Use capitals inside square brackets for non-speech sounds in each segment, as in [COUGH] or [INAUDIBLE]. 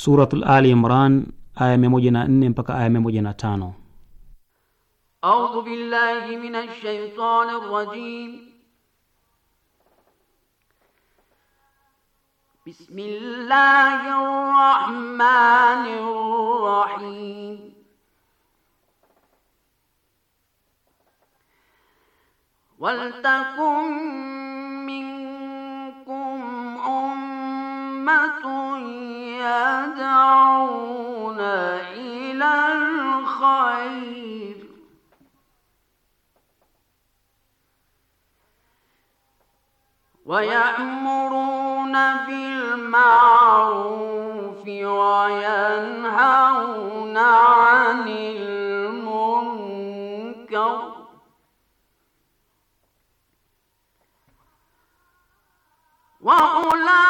Suratul Ali Imran aya 104 mpaka aya 105. A'udhu billahi minash shaitanir rajim. Bismillahir rahmanir rahim. Wal takum ويأمرون بالمعروف وينهون عن المنكر وأولئك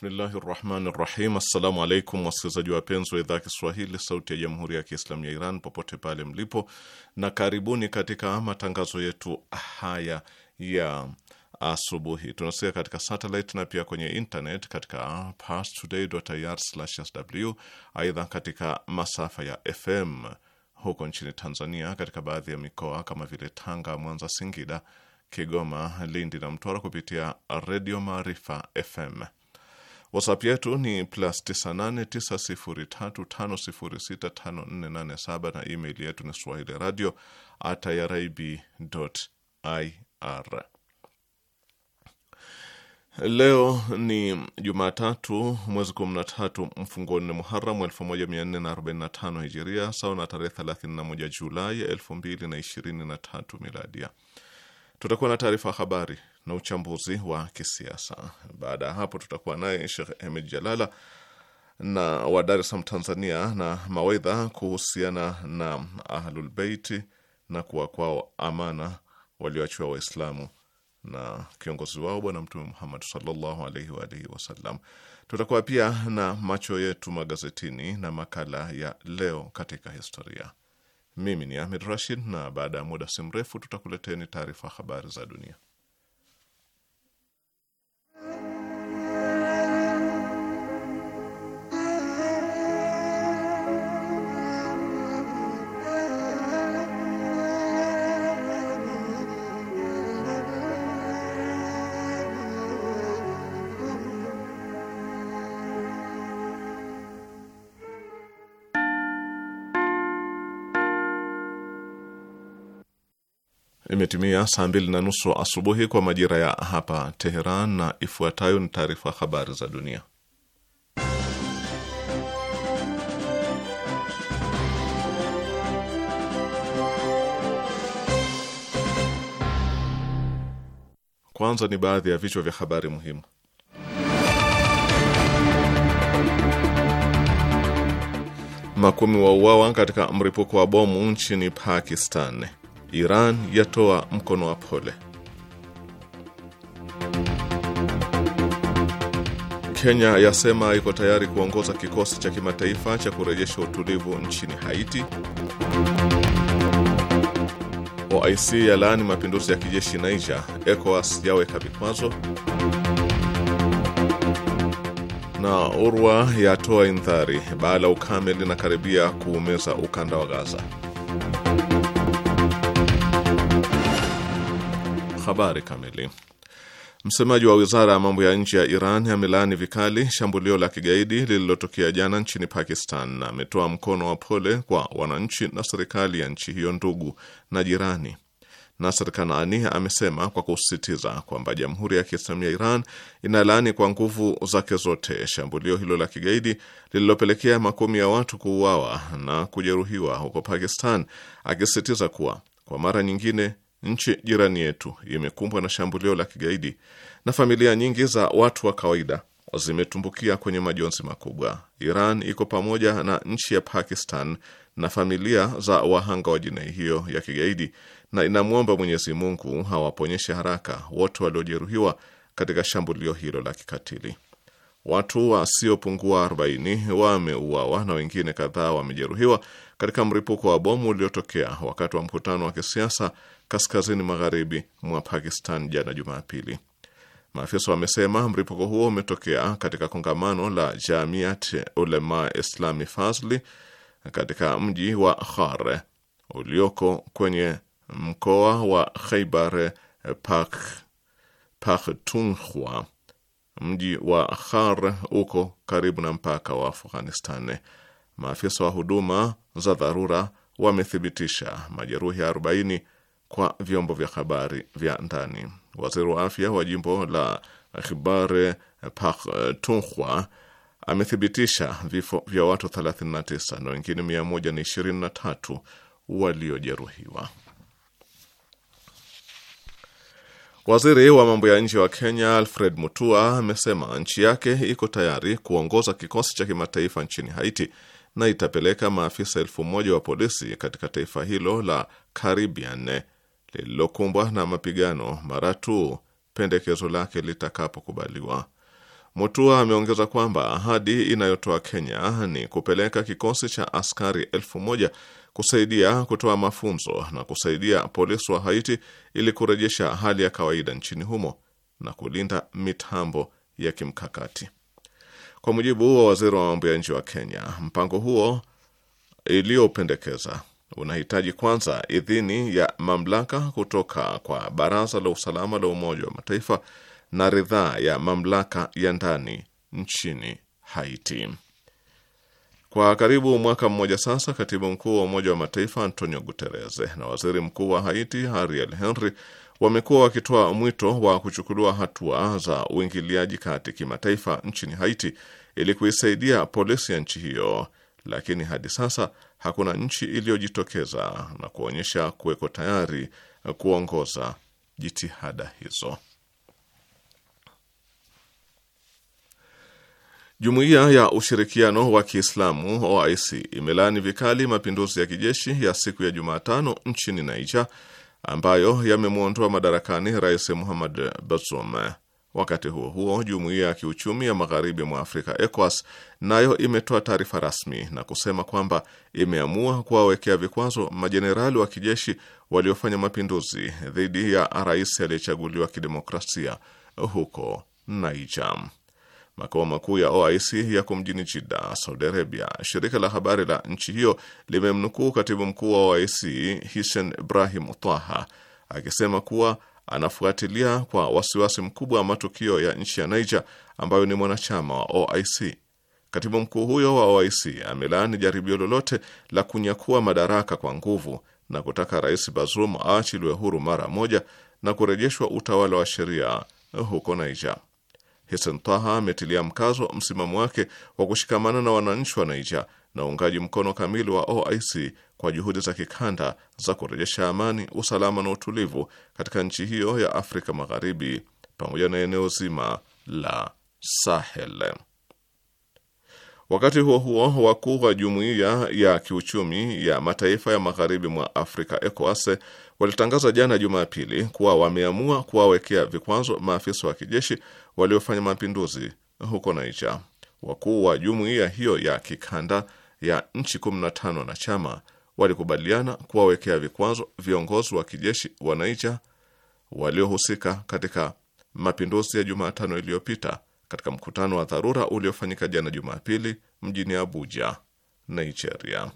Bismillahi rahmani rahim. Assalamu alaikum wasikilizaji wapenzi wa idhaa ya Kiswahili sauti ya jamhuri ya Kiislamu ya Iran popote pale mlipo, na karibuni katika matangazo yetu haya ya asubuhi. Tunasikia katika satellite na pia kwenye internet katika parstoday.ir/sw. Aidha, katika masafa ya FM huko nchini Tanzania, katika baadhi ya mikoa kama vile Tanga, Mwanza, Singida, Kigoma, Lindi na Mtwara kupitia Redio Maarifa FM. WhatsApp yetu ni plus 989035065487 na email yetu ni swahili radio at irib.ir. Leo ni Jumatatu, mwezi 13 mfungo nne Muharamu 1445 Hijiria, sawa na tarehe 31 Julai 2023 Miladia. Tutakuwa na taarifa habari na uchambuzi wa kisiasa. Baada ya hapo, tutakuwa naye Shekh Emid Jalala na wa Dar es Salaam, Tanzania, na mawaidha kuhusiana na Ahlulbeiti na kuwa kwao amana walioachiwa Waislamu na kiongozi wao Bwana Mtume Muhammad sallallahu alaihi wa alihi wasallam. Tutakuwa pia na macho yetu magazetini na makala ya leo katika historia. Mimi ni Ahmed Rashid, na baada ya muda si mrefu tutakuleteni taarifa habari za dunia. Imetimia saa mbili na nusu asubuhi kwa majira ya hapa Teheran, na ifuatayo ni taarifa habari za dunia. Kwanza ni baadhi ya vichwa vya habari muhimu. Makumi wa uawa katika mripuko wa bomu nchini Pakistan. Iran yatoa mkono wa pole. Kenya yasema iko tayari kuongoza kikosi cha kimataifa cha kurejesha utulivu nchini Haiti. OIC yalaani mapinduzi ya kijeshi Niger. ECOWAS yaweka vikwazo na Urwa yatoa indhari baada ukame linakaribia kuumeza ukanda wa Gaza. Habari kamili. Msemaji wa wizara ya mambo ya nje ya Iran amelaani vikali shambulio la kigaidi lililotokea jana nchini Pakistan na ametoa mkono wa pole kwa wananchi na serikali ya nchi hiyo ndugu na jirani. Nasser Kanaani amesema kwa kusisitiza kwamba Jamhuri ya Kiislamu ya Iran inalaani kwa nguvu zake zote shambulio hilo la kigaidi lililopelekea makumi ya watu kuuawa na kujeruhiwa huko Pakistan, akisisitiza kuwa kwa mara nyingine Nchi jirani yetu imekumbwa na shambulio la kigaidi na familia nyingi za watu wa kawaida zimetumbukia kwenye majonzi makubwa. Iran iko pamoja na nchi ya Pakistan na familia za wahanga wa jinai hiyo ya kigaidi na inamwomba Mwenyezi Mungu hawaponyeshe haraka wote waliojeruhiwa katika shambulio hilo la kikatili. Watu wasiopungua 40 wameuawa na wengine kadhaa wamejeruhiwa katika mlipuko wa bomu uliotokea wakati wa mkutano wa kisiasa kaskazini magharibi mwa Pakistan jana Jumapili. Maafisa wamesema mlipuko huo umetokea katika kongamano la Jamiat Ulema Islami Fazli katika mji wa Khar ulioko kwenye mkoa wa Khaibar Pakhtunkhwa. Mji wa Khar uko karibu na mpaka wa Afghanistan. Maafisa wa huduma za dharura wamethibitisha majeruhi 40 kwa vyombo vya habari vya ndani. Waziri wa afya wa jimbo la Khyber Pakhtunkhwa amethibitisha vifo vya watu 39 na wengine 123 waliojeruhiwa. Waziri wa mambo ya nje wa Kenya Alfred Mutua amesema nchi yake iko tayari kuongoza kikosi cha kimataifa nchini Haiti na itapeleka maafisa elfu moja wa polisi katika taifa hilo la Caribbean lililokumbwa na mapigano mara tu pendekezo lake litakapokubaliwa. Mutua ameongeza kwamba ahadi inayotoa Kenya ni kupeleka kikosi cha askari elfu moja kusaidia kutoa mafunzo na kusaidia polisi wa Haiti ili kurejesha hali ya kawaida nchini humo na kulinda mitambo ya kimkakati. Kwa mujibu wa waziri wa mambo ya nje wa Kenya, mpango huo iliyopendekeza unahitaji kwanza idhini ya mamlaka kutoka kwa Baraza la Usalama la Umoja wa Mataifa na ridhaa ya mamlaka ya ndani nchini Haiti. Kwa karibu mwaka mmoja sasa, katibu mkuu wa Umoja wa Mataifa Antonio Guterres na waziri mkuu wa Haiti Ariel Henry wamekuwa wakitoa mwito wa kuchukuliwa hatua za uingiliaji kati kimataifa nchini Haiti ili kuisaidia polisi ya nchi hiyo lakini hadi sasa hakuna nchi iliyojitokeza na kuonyesha kuweko tayari kuongoza jitihada hizo. Jumuiya ya Ushirikiano wa Kiislamu OIC imelaani vikali mapinduzi ya kijeshi ya siku ya Jumatano nchini Niger ambayo yamemwondoa madarakani Rais Muhammad Bazoum. Wakati huo huo, jumuiya ya kiuchumi ya magharibi mwa Afrika ECOWAS nayo imetoa taarifa rasmi na kusema kwamba imeamua kuwawekea vikwazo majenerali wa kijeshi waliofanya mapinduzi dhidi ya rais aliyechaguliwa kidemokrasia huko Niger. Makao makuu ya OIC yako mjini Jida, Saudi Arabia. Shirika la habari la nchi hiyo limemnukuu katibu mkuu wa OIC Hisen Ibrahim Taha akisema kuwa anafuatilia kwa wasiwasi mkubwa wa matukio ya nchi ya Niger ambayo ni mwanachama wa OIC. Katibu mkuu huyo wa OIC amelaani jaribio lolote la kunyakua madaraka kwa nguvu na kutaka Rais Bazoum aachiliwe huru mara moja na kurejeshwa utawala wa sheria huko Niger. hisen Taha ametilia mkazo msimamo wake wa kushikamana na wananchi wa Niger na uungaji mkono kamili wa OIC kwa juhudi za kikanda za kurejesha amani, usalama na utulivu katika nchi hiyo ya Afrika Magharibi pamoja na eneo zima la Sahel. Wakati huo huo, wakuu wa jumuiya ya kiuchumi ya mataifa ya magharibi mwa Afrika ECOWAS walitangaza jana Jumapili kuwa wameamua kuwawekea vikwazo maafisa wa kijeshi waliofanya mapinduzi huko Niger. Wakuu wa jumuiya hiyo ya kikanda ya nchi 15 chama walikubaliana kuwawekea vikwazo viongozi wa kijeshi wa Niger waliohusika katika mapinduzi ya Jumatano iliyopita katika mkutano wa dharura uliofanyika jana Jumapili mjini Abuja, Nigeria.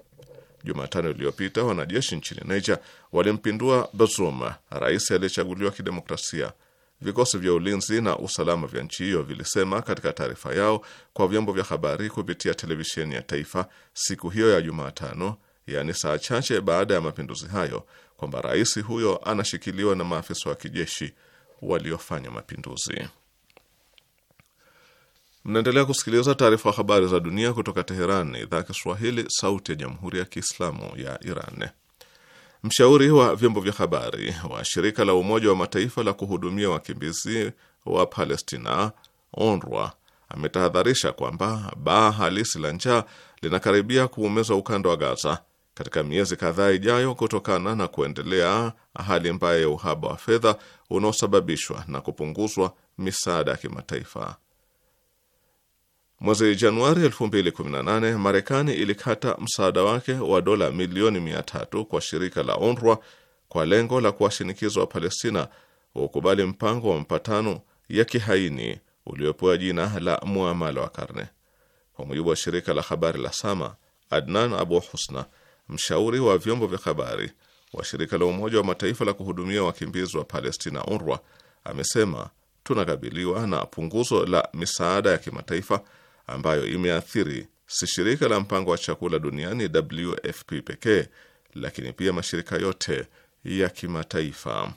Jumatano iliyopita wanajeshi nchini Niger walimpindua Bazoum, rais aliyechaguliwa kidemokrasia. Vikosi vya ulinzi na usalama vya nchi hiyo vilisema katika taarifa yao kwa vyombo vya habari kupitia televisheni ya taifa siku hiyo ya Jumatano yaani saa chache baada ya mapinduzi hayo, kwamba rais huyo anashikiliwa na maafisa wa kijeshi waliofanya mapinduzi. Mnaendelea kusikiliza taarifa ya habari za dunia kutoka Teheran, idhaa ya Kiswahili, sauti ya jamhuri ya kiislamu ya Iran. Mshauri wa vyombo vya habari wa shirika la Umoja wa Mataifa la kuhudumia wakimbizi wa Palestina, UNRWA, ametahadharisha kwamba baa halisi la njaa linakaribia kuumeza ukanda wa Gaza katika miezi kadhaa ijayo kutokana na kuendelea hali mbaya ya uhaba wa fedha unaosababishwa na kupunguzwa misaada ya kimataifa. Mwezi Januari 2018 Marekani ilikata msaada wake wa dola milioni 300 kwa shirika la UNRWA kwa lengo la kuwashinikiza palestina waukubali mpango wa mapatano ya kihaini uliopewa jina la muamala wa karne. Kwa mujibu wa shirika la habari la Sama, Adnan Abu Husna mshauri wa vyombo vya habari wa shirika la Umoja wa Mataifa la kuhudumia wakimbizi wa Palestina, UNRWA, amesema tunakabiliwa na punguzo la misaada ya kimataifa ambayo imeathiri si shirika la mpango wa chakula duniani WFP pekee, lakini pia mashirika yote ya kimataifa.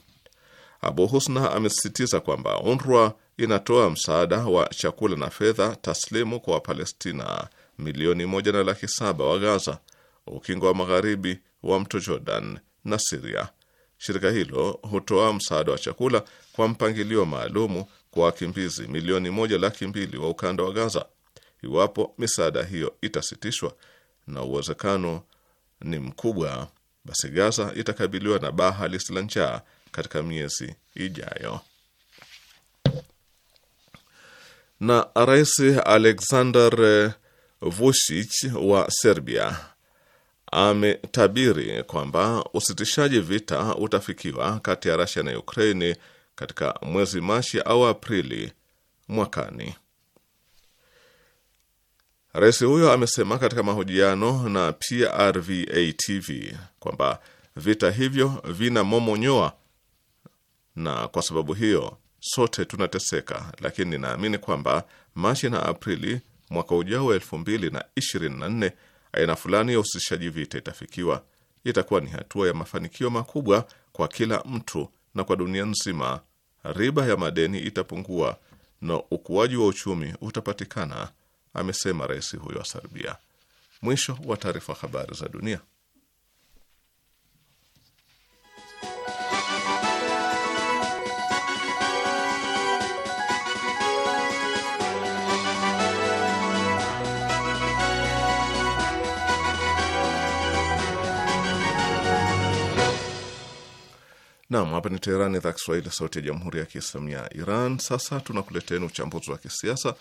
Abu Husna amesisitiza kwamba UNRWA inatoa msaada wa chakula na fedha taslimu kwa Wapalestina milioni moja na laki saba wa Gaza ukingo wa magharibi wa mto Jordan na Siria. Shirika hilo hutoa msaada wa chakula kwa mpangilio maalumu kwa wakimbizi milioni moja laki mbili wa ukanda wa Gaza. Iwapo misaada hiyo itasitishwa, na uwezekano ni mkubwa, basi Gaza itakabiliwa na baa halisi la njaa katika miezi ijayo. Na Rais Alexander Vucic wa Serbia ametabiri kwamba usitishaji vita utafikiwa kati ya rasia na Ukraini katika mwezi Machi au Aprili mwakani. Rais huyo amesema katika mahojiano na PRVA TV kwamba vita hivyo vina momonyoa na kwa sababu hiyo sote tunateseka, lakini ninaamini kwamba Machi na Aprili mwaka ujao wa elfu mbili na ishirini na nne aina fulani ya usishaji vita itafikiwa, itakuwa ni hatua ya mafanikio makubwa kwa kila mtu na kwa dunia nzima. Riba ya madeni itapungua na ukuaji wa uchumi utapatikana, amesema rais huyo wa Serbia. Mwisho wa taarifa. Habari za dunia. Nam, hapa ni Teherani, idhaa Kiswahili, sauti ya jamhuri ya kiislamu ya Iran. Sasa tunakuleteni uchambuzi wa kisiasa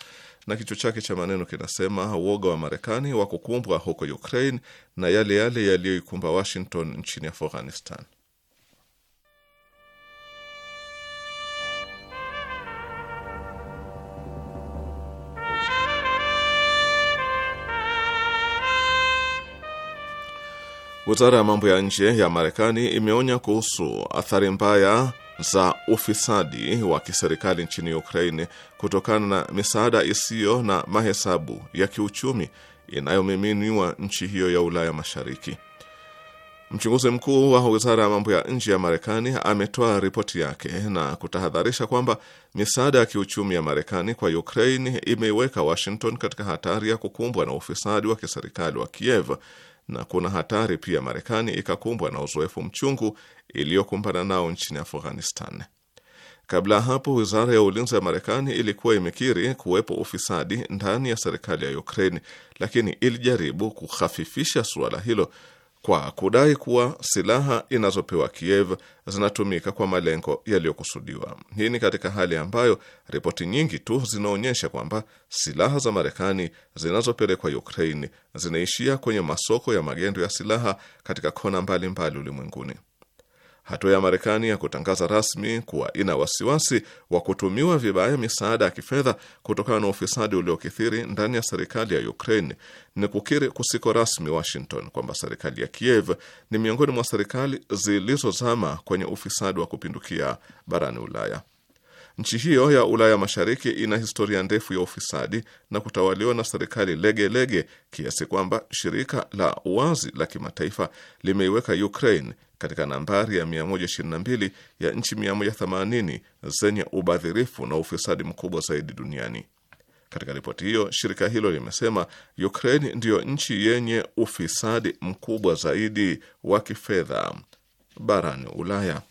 na kichwa chake cha maneno kinasema uoga wa Marekani wa kukumbwa huko Ukraine na yale yale yaliyoikumba Washington nchini Afghanistan. Wizara ya mambo ya nje ya Marekani imeonya kuhusu athari mbaya za ufisadi wa kiserikali nchini Ukraine kutokana na misaada isiyo na mahesabu ya kiuchumi inayomiminiwa nchi hiyo ya Ulaya Mashariki. Mchunguzi mkuu wa wizara ya mambo ya nje ya Marekani ametoa ripoti yake na kutahadharisha kwamba misaada ya kiuchumi ya Marekani kwa Ukraine imeiweka Washington katika hatari ya kukumbwa na ufisadi wa kiserikali wa Kiev na kuna hatari pia Marekani ikakumbwa na uzoefu mchungu iliyokumbana nao nchini Afghanistan. Kabla ya hapo, wizara ya ulinzi ya Marekani ilikuwa imekiri kuwepo ufisadi ndani ya serikali ya Ukraine, lakini ilijaribu kuhafifisha suala hilo kwa kudai kuwa silaha inazopewa Kiev zinatumika kwa malengo yaliyokusudiwa. Hii ni katika hali ambayo ripoti nyingi tu zinaonyesha kwamba silaha za Marekani zinazopelekwa Ukraine zinaishia kwenye masoko ya magendo ya silaha katika kona mbalimbali ulimwenguni. Hatua ya Marekani ya kutangaza rasmi kuwa ina wasiwasi wa kutumiwa vibaya misaada ya kifedha kutokana na ufisadi uliokithiri ndani ya serikali ya Ukraine ni kukiri kusiko rasmi Washington kwamba serikali ya Kiev ni miongoni mwa serikali zilizozama kwenye ufisadi wa kupindukia barani Ulaya. Nchi hiyo ya Ulaya Mashariki ina historia ndefu ya ufisadi na kutawaliwa na serikali legelege kiasi kwamba shirika la uwazi la kimataifa limeiweka Ukraine katika nambari ya 122 ya nchi 180 zenye ubadhirifu na ufisadi mkubwa zaidi duniani. Katika ripoti hiyo, shirika hilo limesema Ukraine ndiyo nchi yenye ufisadi mkubwa zaidi wa kifedha barani Ulaya.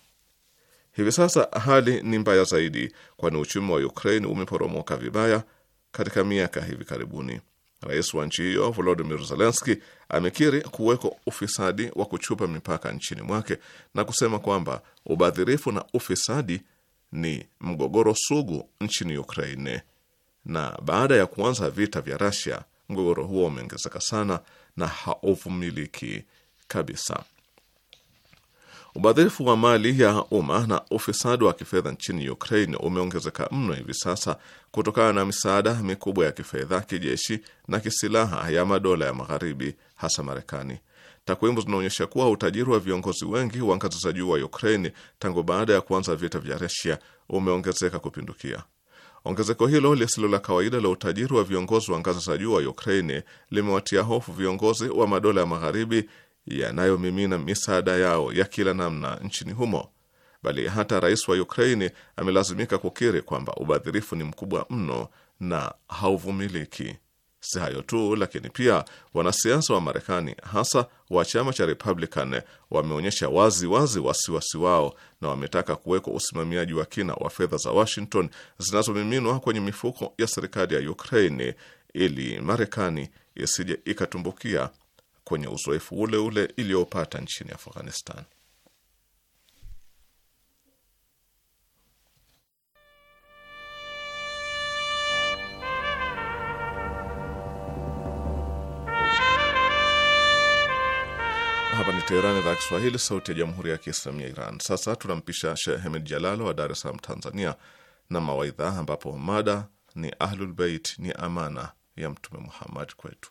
Hivi sasa hali ni mbaya zaidi, kwani uchumi wa Ukraine umeporomoka vibaya katika miaka hivi karibuni. Rais wa nchi hiyo Volodimir Zelenski amekiri kuweko ufisadi wa kuchupa mipaka nchini mwake na kusema kwamba ubadhirifu na ufisadi ni mgogoro sugu nchini Ukraine, na baada ya kuanza vita vya rasia mgogoro huo umeongezeka sana na hauvumiliki kabisa. Ubadhirifu wa mali ya umma na ufisadi wa kifedha nchini Ukraine umeongezeka mno hivi sasa kutokana na misaada mikubwa ya kifedha, kijeshi na kisilaha ya madola ya Magharibi, hasa Marekani. Takwimu zinaonyesha kuwa utajiri wa viongozi wengi wa ngazi za juu wa Ukraine tangu baada ya kuanza vita vya rasia umeongezeka kupindukia. Ongezeko hilo lisilo la kawaida la utajiri wa viongozi wa ngazi za juu wa Ukraine limewatia hofu viongozi wa madola ya Magharibi yanayomimina misaada yao ya kila namna nchini humo, bali hata rais wa Ukraini amelazimika kukiri kwamba ubadhirifu ni mkubwa mno na hauvumiliki. Si hayo tu, lakini pia wanasiasa wa Marekani hasa wa chama cha Republican wameonyesha wazi wazi wasiwasi wao na wametaka kuwekwa usimamiaji wa kina wa fedha za Washington zinazomiminwa kwenye mifuko ya serikali ya Ukraini ili Marekani isije ikatumbukia kwenye uzoefu ule ule iliyopata nchini Afghanistan. Hapa ni Teherani, idhaa ya Kiswahili, sauti ya jamhuri ya kiislamu ya Iran. Sasa tunampisha sheh Hamid Jalalo wa Dar es Salaam, Tanzania, na mawaidha ambapo mada ni Ahlulbeit ni amana ya Mtume Muhammad kwetu.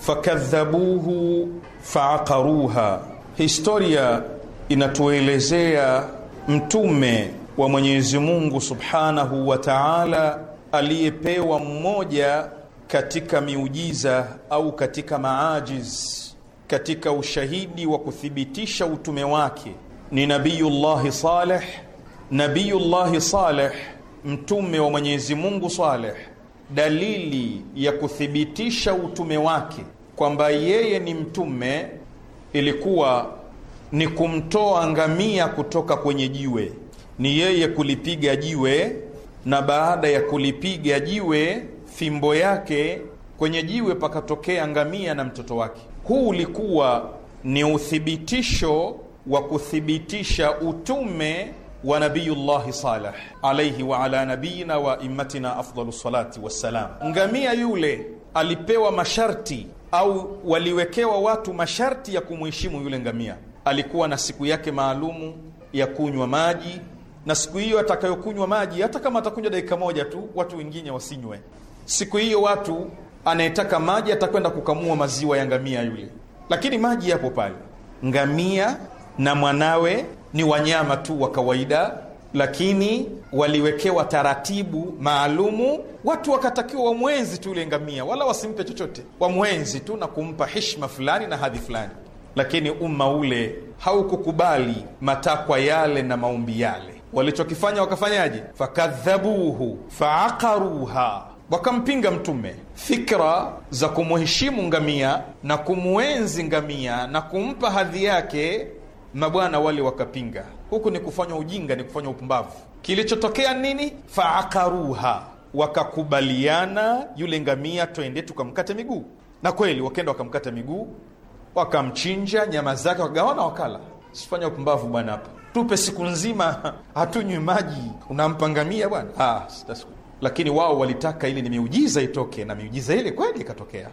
fakadhabuhu faakaruha. Historia inatuelezea mtume wa Mwenyezi Mungu Subhanahu wa Ta'ala aliyepewa mmoja katika miujiza au katika maajiz katika ushahidi wa kuthibitisha utume wake ni Nabiyullahi Saleh, Nabiyullahi Saleh, mtume wa Mwenyezi Mungu Saleh dalili ya kuthibitisha utume wake kwamba yeye ni mtume ilikuwa ni kumtoa ngamia kutoka kwenye jiwe, ni yeye kulipiga jiwe, na baada ya kulipiga jiwe fimbo yake kwenye jiwe pakatokea ngamia na mtoto wake. Huu ulikuwa ni uthibitisho wa kuthibitisha utume wa nabiyullahi Saleh alaihi wa ala nabiyina wa immatina afdalu salati wassalam. Ngamia yule alipewa masharti au waliwekewa watu masharti ya kumuheshimu yule ngamia. Alikuwa na siku yake maalumu ya kunywa maji, na siku hiyo atakayokunywa maji, hata kama atakunywa dakika moja tu, watu wengine wasinywe siku hiyo. Watu anayetaka maji atakwenda kukamua maziwa ya ngamia yule, lakini maji yapo pale. Ngamia na mwanawe ni wanyama tu wa kawaida, lakini waliwekewa taratibu maalumu. Watu wakatakiwa wamwenzi tu ule ngamia, wala wasimpe chochote, wamwenzi tu na kumpa heshima fulani na hadhi fulani. Lakini umma ule haukukubali matakwa yale na maombi yale. Walichokifanya wakafanyaje? Fakadhabuhu faakaruha wakampinga Mtume. Fikra za kumuheshimu ngamia na kumuenzi ngamia na kumpa hadhi yake mabwana wale wakapinga. Huku ni kufanya ujinga, ni kufanya upumbavu. Kilichotokea nini? Faakaruha, wakakubaliana yule ngamia, twende tukamkate miguu. Na kweli wakenda wakamkata miguu, wakamchinja, nyama zake wakagawana, wakala. Sifanya upumbavu bwana, hapa tupe siku nzima, [LAUGHS] hatunywi maji, unampangamia bwana. Ah, lakini wao walitaka ile ni miujiza itoke, na miujiza ile kweli ikatokea.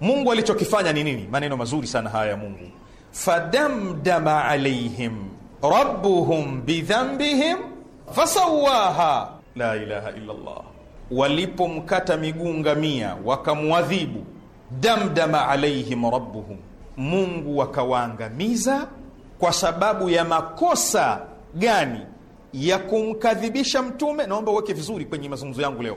Mungu alichokifanya ni nini? Maneno mazuri sana haya ya Mungu fadamdama alaihim rabbuhum bidhambihim fasawaha la ilaha illa Allah. Walipomkata miguu ngamia wakamwadhibu, damdama alaihim rabbuhum, Mungu wakawaangamiza kwa sababu ya makosa gani? Ya kumkadhibisha Mtume. Naomba uweke vizuri kwenye mazungumzo yangu leo.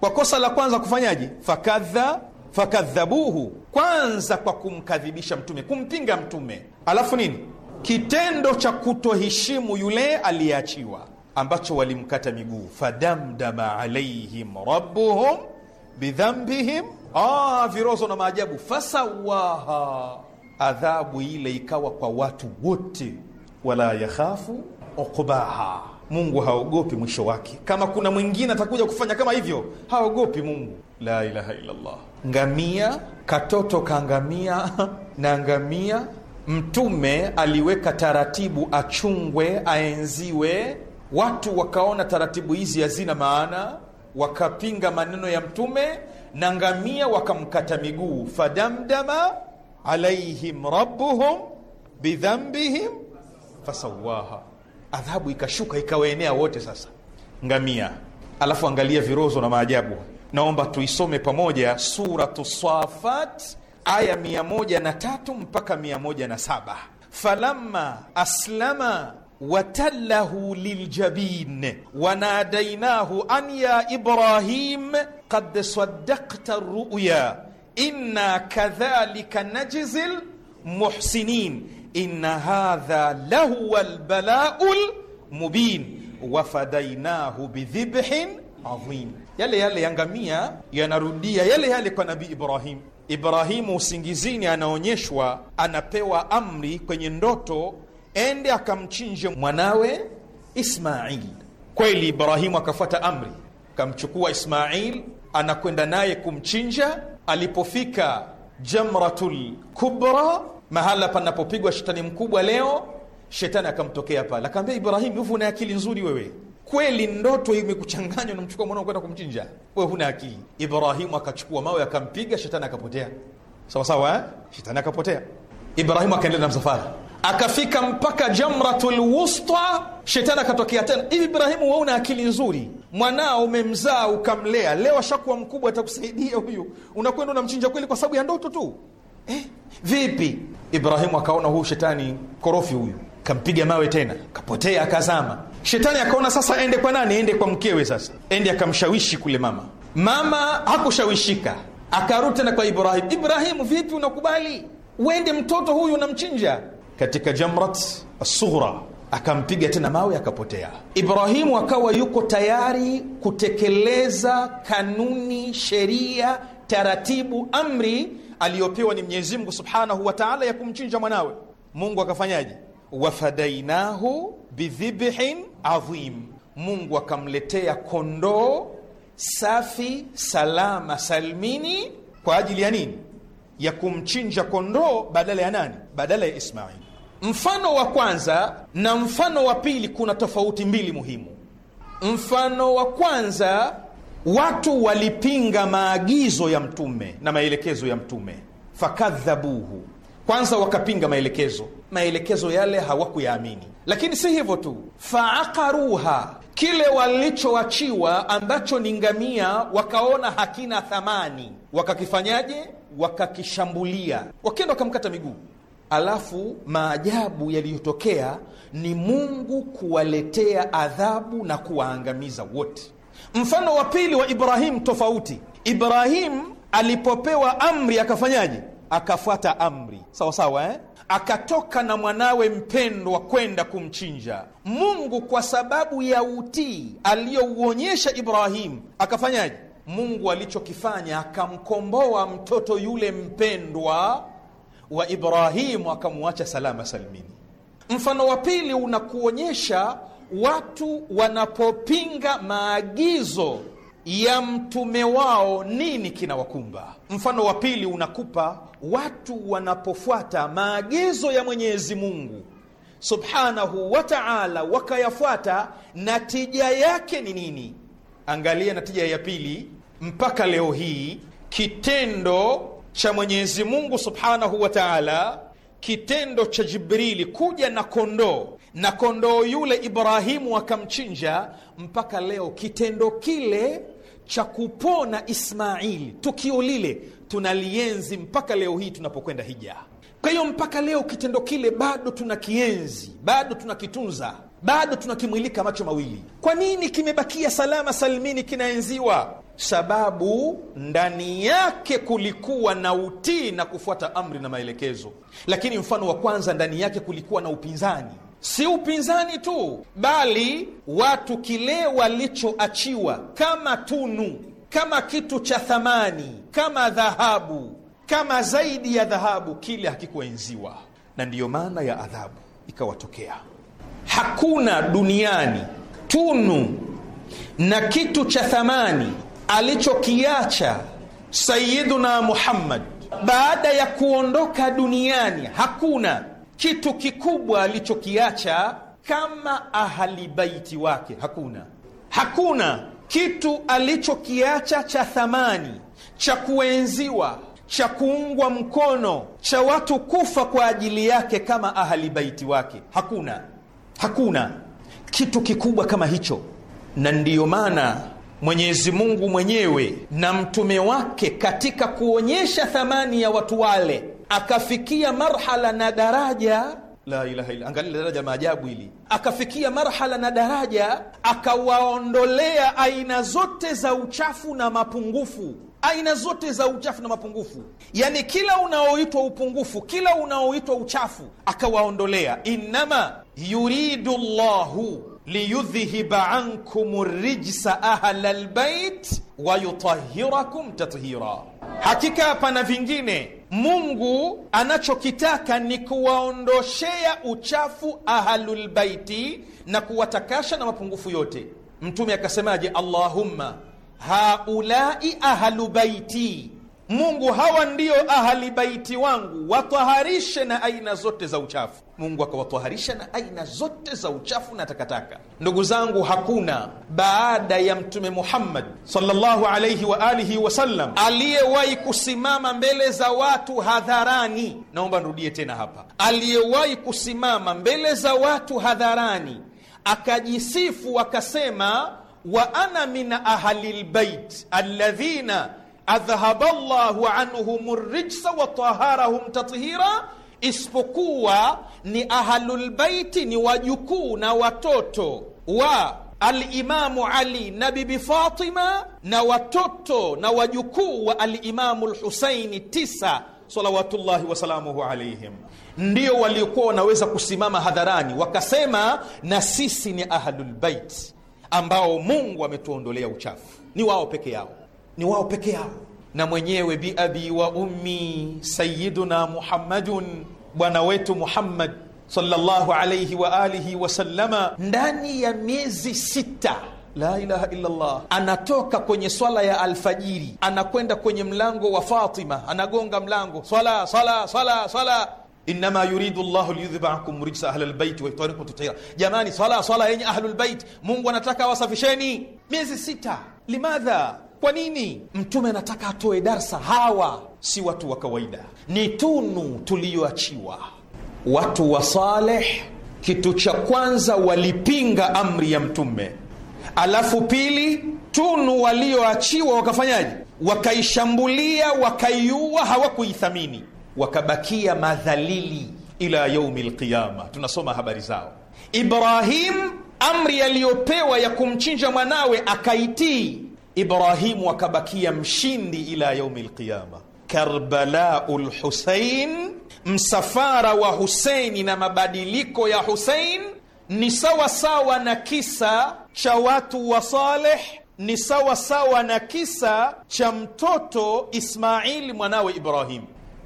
Kwa kosa la kwanza kufanyaje? fakadha fakadhabuhu, kwanza kwa kumkadhibisha Mtume, kumpinga Mtume, alafu nini kitendo cha kutoheshimu yule aliyeachiwa ambacho walimkata miguu. Fadamdama alaihim rabbuhum bidhambihim, ah, virozo na maajabu. Fasawaha, adhabu ile ikawa kwa watu wote, wala yakhafu uqbaha Mungu haogopi mwisho wake. Kama kuna mwingine atakuja kufanya kama hivyo, haogopi Mungu. La ilaha illallah. Ngamia, katoto kangamia na ngamia. Mtume aliweka taratibu, achungwe, aenziwe. Watu wakaona taratibu hizi hazina maana, wakapinga maneno ya Mtume na ngamia wakamkata miguu. Fadamdama alaihim rabbuhum bidhambihim fasawaha adhabu ikashuka ikawaenea wote. Sasa ngamia, alafu angalia virozo na maajabu. Naomba tuisome pamoja Suratu Safat aya mia moja na tatu mpaka mia moja na saba falamma aslama watallahu liljabin wanadainahu an ya Ibrahim kad sadakta ruya inna kadhalika najzi lmuhsinin inna hadha lahuwa lbalau lmubin wafadainahu bidhibhin adhim. Yale yale yangamia yanarudia yale yale kwa Nabii Ibrahim. Ibrahimu usingizini, anaonyeshwa anapewa amri kwenye ndoto, ende akamchinje mwanawe Ismail. Kweli Ibrahimu akafuata amri, akamchukua Ismail, anakwenda naye kumchinja. Alipofika Jamratul Kubra mahala panapopigwa shetani mkubwa leo, shetani akamtokea pale, akaambia Ibrahim, wewe una akili nzuri wewe kweli, ndoto imekuchanganywa, namchukua mwanao kwenda kumchinja, we huna akili. Ibrahimu akachukua mawe akampiga, shetani akapotea. Sawa sawa, eh? Shetani akapotea, Ibrahimu akaendelea na msafara, akafika mpaka Jamratul Wusta, shetani akatokea tena. Hivi Ibrahimu, wewe una akili nzuri, mwanao umemzaa ukamlea, leo ashakuwa mkubwa, atakusaidia huyu, unakwenda unamchinja kweli kwa sababu ya ndoto tu? eh, vipi? Ibrahimu akaona huyu shetani korofi huyu, kampiga mawe tena, kapotea akazama. Shetani akaona sasa ende kwa nani? Ende kwa mkewe. Sasa ende akamshawishi kule mama. Mama hakushawishika, akarudi tena kwa Ibrahimu. Ibrahimu, vipi, unakubali uende mtoto huyu unamchinja? Katika Jamrat Sughra akampiga tena mawe akapotea. Ibrahimu akawa yuko tayari kutekeleza kanuni, sheria, taratibu, amri aliyopewa ni Mwenyezi Mungu Subhanahu wa Ta'ala ya kumchinja mwanawe. Mungu akafanyaje? wafadainahu bidhibhin adhim, Mungu akamletea kondoo safi salama salmini. Kwa ajili ya nini? Ya kumchinja kondoo badala ya nani? Badala ya Ismail. Mfano wa kwanza na mfano wa pili kuna tofauti mbili muhimu. Mfano wa kwanza Watu walipinga maagizo ya mtume na maelekezo ya mtume, fakadhabuhu, kwanza wakapinga maelekezo. Maelekezo yale hawakuyaamini, lakini si hivyo tu, faakaruha, kile walichoachiwa ambacho ni ngamia, wakaona hakina thamani, wakakifanyaje? Wakakishambulia, wakienda wakamkata miguu. Alafu maajabu yaliyotokea ni Mungu kuwaletea adhabu na kuwaangamiza wote. Mfano wa pili wa Ibrahim tofauti. Ibrahim alipopewa amri akafanyaje? Akafuata amri sawasawa, eh? Akatoka na mwanawe mpendwa kwenda kumchinja. Mungu kwa sababu ya utii aliyouonyesha Ibrahimu akafanyaje? Mungu alichokifanya akamkomboa mtoto yule mpendwa wa Ibrahimu akamwacha salama salimini. Mfano wa pili unakuonyesha watu wanapopinga maagizo ya mtume wao, nini kinawakumba? Mfano wa pili unakupa watu wanapofuata maagizo ya Mwenyezi Mungu subhanahu wa taala, wakayafuata, natija yake ni nini? Angalia natija ya pili. Mpaka leo hii kitendo cha Mwenyezi Mungu subhanahu wa taala, kitendo cha Jibrili kuja na kondoo na kondoo yule Ibrahimu akamchinja Mpaka leo kitendo kile cha kupona Ismaili, tukio lile tunalienzi mpaka leo hii tunapokwenda hija. Kwa hiyo mpaka leo kitendo kile bado tunakienzi, bado tunakitunza, bado tunakimwilika macho mawili. Kwa nini kimebakia salama salimini kinaenziwa? Sababu ndani yake kulikuwa na utii na kufuata amri na maelekezo, lakini mfano wa kwanza, ndani yake kulikuwa na upinzani si upinzani tu, bali watu kile walichoachiwa kama tunu, kama kitu cha thamani, kama dhahabu, kama zaidi ya dhahabu, kile hakikuenziwa, na ndiyo maana ya adhabu ikawatokea. Hakuna duniani tunu na kitu cha thamani alichokiacha Sayiduna Muhammad baada ya kuondoka duniani, hakuna kitu kikubwa alichokiacha kama ahali baiti wake, hakuna hakuna kitu alichokiacha cha thamani, cha kuenziwa, cha kuungwa mkono, cha watu kufa kwa ajili yake kama ahali baiti wake. Hakuna, hakuna kitu kikubwa kama hicho, na ndiyo maana Mwenyezi Mungu mwenyewe na mtume wake katika kuonyesha thamani ya watu wale akafikia marhala na daraja la ilaha illa, angalia daraja maajabu hili, akafikia marhala na daraja, akawaondolea aina zote za uchafu na mapungufu, aina zote za uchafu na mapungufu, yani kila unaoitwa upungufu, kila unaoitwa uchafu akawaondolea. Innama yuridu llahu liyudhhiba ankum rijsa ahla lbait wayutahirakum tathira, hakika hapana vingine Mungu anachokitaka ni kuwaondoshea uchafu ahlulbaiti na kuwatakasha na mapungufu yote. Mtume akasemaje? Allahumma haulai ahlu baiti Mungu, hawa ndiyo ahali baiti wangu, wataharishe na aina zote za uchafu. Mungu akawataharisha na aina zote za uchafu na takataka. Ndugu zangu, hakuna baada ya Mtume Muhammad sallallahu wa alihi wasallam aliyewahi kusimama mbele za watu hadharani, naomba nirudie tena hapa, aliyewahi kusimama mbele za watu hadharani akajisifu akasema, wa ana min ahli alladhina adhhaba llahu anhum rijsa wa taharahum tathira, isipokuwa ni ahlulbaiti ni wajukuu na watoto wa Alimamu Ali na Bibi Fatima na watoto na wajukuu wa Alimamu Lhusaini tisa salawatullahi wasalamuhu alaihim, ndio waliokuwa wanaweza kusimama hadharani wakasema na sisi ni ahlulbaiti ambao Mungu ametuondolea uchafu, ni wao peke yao ni wao peke yao. Na mwenyewe biabi wa ummi sayyiduna Muhammadun, bwana wetu Muhammad sallallahu alayhi wa alihi wasallama, ndani ya miezi sita la ilaha illallah, anatoka kwenye swala ya alfajiri, anakwenda kwenye mlango wa Fatima, anagonga mlango, swala swala swala swala Innama yuridu llahu liyudhhiba ankum rijsa ahlalbaiti waitarikum tutahira. Jamani, swala swala yenye ahlulbait, Mungu anataka wasafisheni. Miezi sita, limadha kwa nini Mtume anataka atoe darsa? Hawa si watu wa kawaida, ni tunu tuliyoachiwa. Watu wa Saleh, kitu cha kwanza walipinga amri ya Mtume, alafu pili, tunu walioachiwa wakafanyaje? Wakaishambulia, wakaiua, hawakuithamini, wakabakia madhalili ila yaumi lqiama. Tunasoma habari zao. Ibrahim, amri aliyopewa ya kumchinja mwanawe akaitii Ibrahimu akabakia mshindi ila yaumi lqiyama. Karbalau lhusein, msafara wa Huseini na mabadiliko ya Husein ni sawasawa na kisa cha watu wa Saleh, ni sawasawa na kisa cha mtoto Ismaili mwanawe ibrahim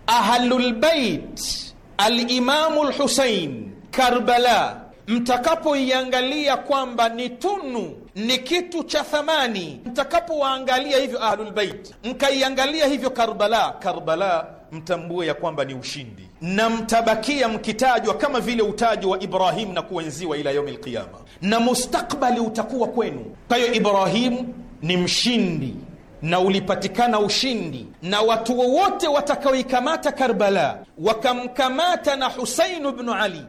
Ahlulbeit Alimamu Lhusein, Karbala, mtakapoiangalia kwamba ni tunu ni kitu cha thamani. Mtakapowaangalia hivyo Ahlulbeit, mkaiangalia hivyo Karbala, Karbala mtambue ya kwamba ni ushindi, na mtabakia mkitajwa kama vile utajwa wa Ibrahimu na kuenziwa ila yaumi lqiama, na mustakbali utakuwa kwenu. Kwa hiyo Ibrahimu ni mshindi na ulipatikana ushindi, na watu wowote watakaoikamata Karbala wakamkamata na Husainu bnu Ali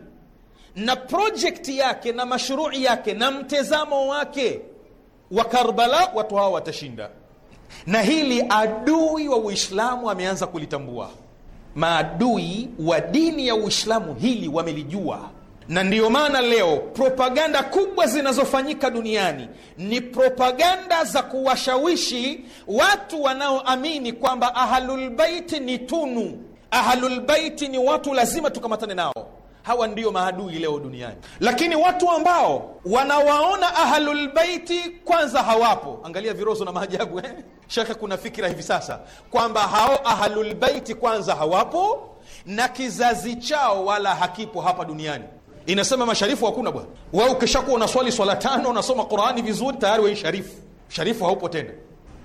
na projekti yake na mashrui yake na mtezamo wake wa Karbala, watu hawa watashinda. Na hili adui wa Uislamu ameanza kulitambua. Maadui wa dini ya Uislamu hili wamelijua, na ndiyo maana leo propaganda kubwa zinazofanyika duniani ni propaganda za kuwashawishi watu wanaoamini kwamba Ahlulbaiti ni tunu, Ahlulbaiti ni watu lazima tukamatane nao hawa ndio maadui leo duniani. Lakini watu ambao wanawaona ahlulbeiti kwanza hawapo, angalia virozo na maajabu eh? Shaka kuna fikira hivi sasa kwamba hao ahlulbeiti kwanza hawapo na kizazi chao wala hakipo hapa duniani. Inasema masharifu hakuna bwana. Wewe ukishakuwa unaswali swala tano, unasoma Qurani vizuri, tayari wewe sharifu. Sharifu haupo tena.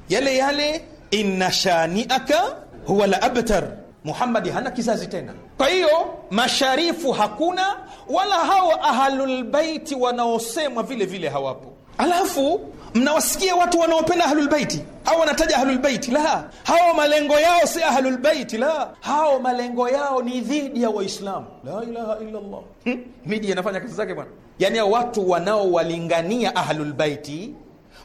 Yale yale, inna shaniaka huwa la abtar. Muhammadi hana kizazi tena. Kwa hiyo masharifu hakuna, wala hawa ahlulbeiti wanaosemwa vile vile hawapo. Alafu mnawasikia watu wanaopenda ahlulbeiti au wanataja ahlulbeiti. La, hao malengo yao si ahlulbaiti La, hao malengo yao ni dhidi ya Waislamu. La ilaha illallah. Hmm? Media inafanya kazi zake bwana, yani watu wanaowalingania ahlulbaiti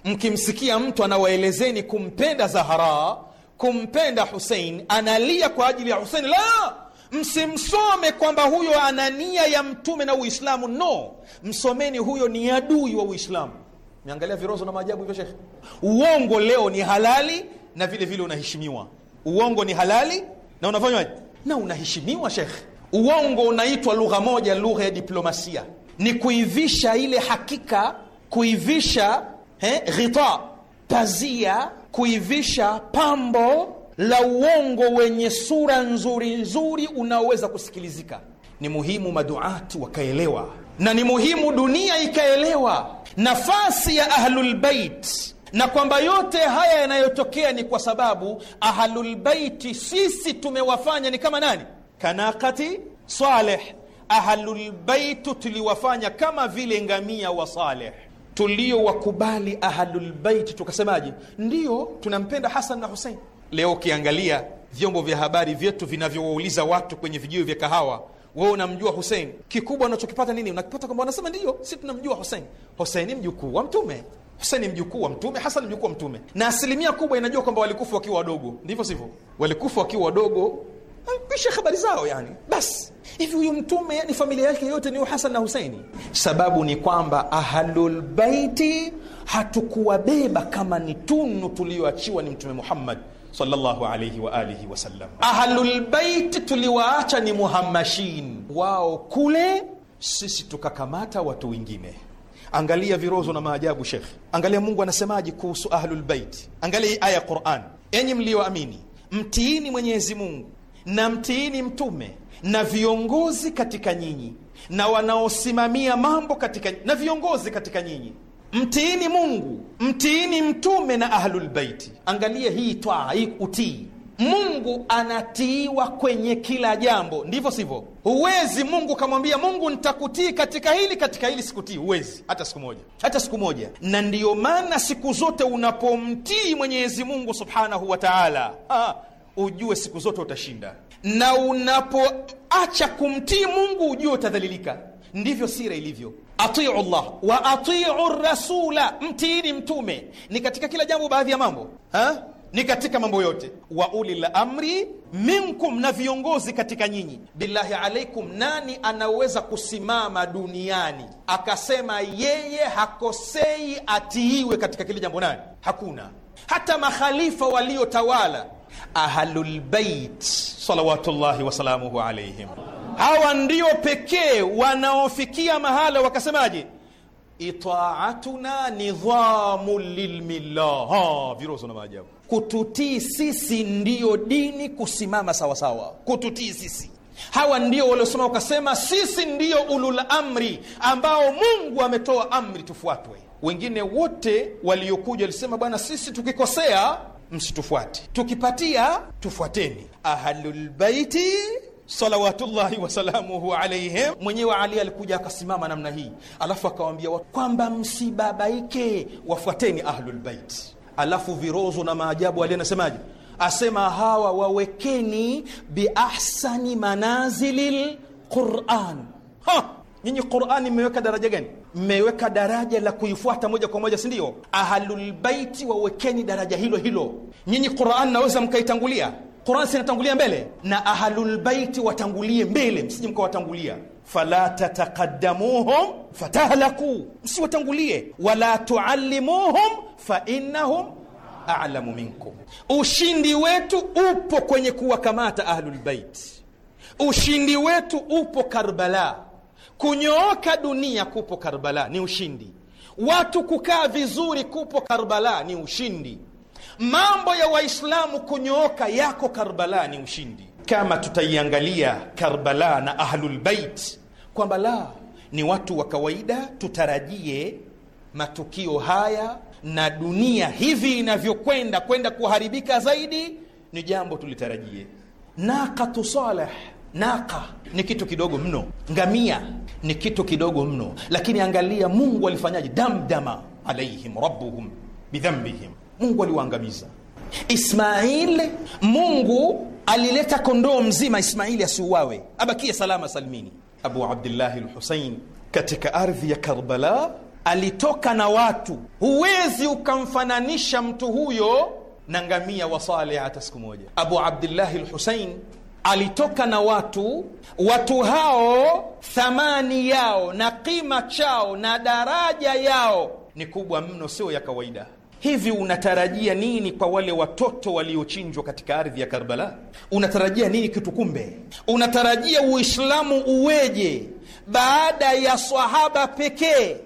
Mkimsikia mtu anawaelezeni kumpenda Zahara, kumpenda Husein, analia kwa ajili ya Husein. La, Msimsome kwamba huyo ana nia ya mtume na Uislamu, no. Msomeni huyo ni adui wa Uislamu. Miangalia virozo na maajabu hivyo, shekhe. Uongo leo ni halali na vile vile unaheshimiwa. Uongo ni halali na unafanywaje na unaheshimiwa, shekhe. Uongo unaitwa lugha moja, lugha ya diplomasia, ni kuivisha ile hakika, kuivisha eh, ghita, pazia, kuivisha pambo la uongo wenye sura nzuri nzuri unaoweza kusikilizika. Ni muhimu maduati wakaelewa, na ni muhimu dunia ikaelewa nafasi ya Ahlulbeit na kwamba yote haya yanayotokea ni kwa sababu Ahlulbeiti sisi tumewafanya ni kama nani? Kanakati Saleh. Ahlulbeitu tuliwafanya kama vile ngamia wa Saleh tuliowakubali Ahlulbeiti, tukasemaje? Ndiyo, tunampenda Hasan na Husein Leo ukiangalia vyombo vya habari vyetu vinavyowauliza watu kwenye vijio vya kahawa, wewe unamjua Hussein? Kikubwa unachokipata nini? Unakipata kwamba wanasema ndiyo, si tunamjua Hussein. Hussein ni mjukuu wa Mtume, Hussein ni mjukuu wa Mtume, Hasan ni mjukuu wa Mtume, na asilimia kubwa inajua kwamba walikufa wakiwa wadogo, ndivyo sivyo? Walikufa wakiwa wadogo, kisha habari zao yani basi hivi. Huyu Mtume ni familia yake yote ni Hasan na Huseini. Sababu ni kwamba ahlulbaiti hatukuwabeba kama ni tunu tuliyoachiwa ni Mtume Muhammad sallallahu alayhi wa alihi Ahlulbaiti tuliwaacha ni muhammashin wao kule, sisi tukakamata watu wengine. Angalia virozo na maajabu, Shekh. Angalia Mungu anasemaje kuhusu ahlulbaiti. Angalia aya ya Quran: enyi mliyoamini, mtiini Mwenyezi Mungu na mtiini mtume na viongozi katika nyinyi na wanaosimamia mambo katika na viongozi katika nyinyi mtiini Mungu, mtiini Mtume na Ahlulbeiti. Angalia hii twaa, hii utii. Mungu anatiiwa kwenye kila jambo, ndivyo sivyo? Huwezi Mungu kamwambia Mungu, ntakutii katika hili, katika hili sikutii. Huwezi hata siku moja, hata siku moja. Na ndiyo maana siku zote unapomtii Mwenyezi Mungu subhanahu wa taala, ujue siku zote utashinda, na unapoacha kumtii Mungu ujue utadhalilika. Ndivyo sira ilivyo. Atiu llah wa atiu rasula, mtiini mtume. Ni katika kila jambo, baadhi ya mambo ha? ni katika mambo yote. Wa ulil amri minkum, na viongozi katika nyinyi. Billahi alaikum, nani anaweza kusimama duniani akasema yeye hakosei atiiwe katika kile jambo? Nani? Hakuna. Hata makhalifa waliotawala Ahlulbeit salawatullahi wasalamuhu alaihim hawa ndio pekee wanaofikia mahala wakasemaje, itaatuna nidhamu lilmillah. viroso na maajabu. Kututii sisi ndio dini kusimama sawasawa, kututii sisi hawa ndio waliosema wakasema, sisi ndio ulul amri ambao Mungu ametoa amri tufuatwe. Wengine wote waliokuja walisema, bwana, sisi tukikosea msitufuate, tukipatia tufuateni. ahlulbaiti salawatullahi wasalamuhu alaihim. Mwenyewe wa Ali alikuja akasimama namna hii, alafu akawambia kwamba msibabaike, wafuateni ahlulbaiti. Alafu virozo na maajabu Ali anasemaje? Asema hawa wawekeni biahsani manazili lquran. Nyinyi Qurani mmeweka daraja gani? Mmeweka daraja la kuifuata moja kwa moja, sindio Ahlulbaiti wawekeni daraja hilo hilo. Nyinyi Qurani naweza mkaitangulia Qur'an inatangulia mbele na ahlul watangulie mbele, msije mkawatangulia. Fala tataqaddamuhum fatahlaku, msiwatangulie. Wala tuallimuhum fa innahum a'lamu minkum. Ushindi wetu upo kwenye kuwakamata ahlul Ushindi wetu upo Karbala. Kunyooka dunia kupo Karbala, ni ushindi. Watu kukaa vizuri kupo Karbala, ni ushindi mambo ya Waislamu kunyooka yako Karbala ni ushindi. Kama tutaiangalia Karbala na Ahlulbeit kwamba la ni watu wa kawaida, tutarajie matukio haya na dunia hivi inavyokwenda kwenda kuharibika zaidi, ni jambo tulitarajie. Naqatu Saleh, naqa ni kitu kidogo mno, ngamia ni kitu kidogo mno, lakini angalia Mungu alifanyaje, damdama alaihim rabbuhum bidhambihim Mungu aliwaangamiza Ismaili. Mungu alileta kondoo mzima Ismaili asiuawe, abakie salama salmini. Abu Abdillahi Lhusein katika ardhi ya Karbala alitoka na watu, huwezi ukamfananisha mtu huyo na ngamia wa Saleh hata siku moja. Abu Abdillahi Lhusein alitoka na watu, watu hao thamani yao na kima chao na daraja yao ni kubwa mno, sio ya kawaida. Hivi unatarajia nini kwa wale watoto waliochinjwa katika ardhi ya Karbala? Unatarajia nini kitu? Kumbe unatarajia Uislamu uweje baada ya swahaba pekee,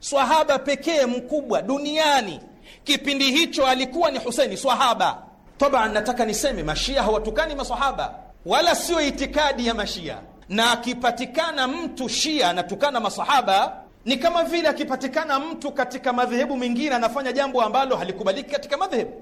swahaba pekee mkubwa duniani kipindi hicho alikuwa ni huseni swahaba taban. Nataka niseme mashia hawatukani maswahaba, wala sio itikadi ya mashia, na akipatikana mtu shia anatukana masahaba ni kama vile akipatikana mtu katika madhehebu mengine anafanya jambo ambalo halikubaliki katika madhehebu.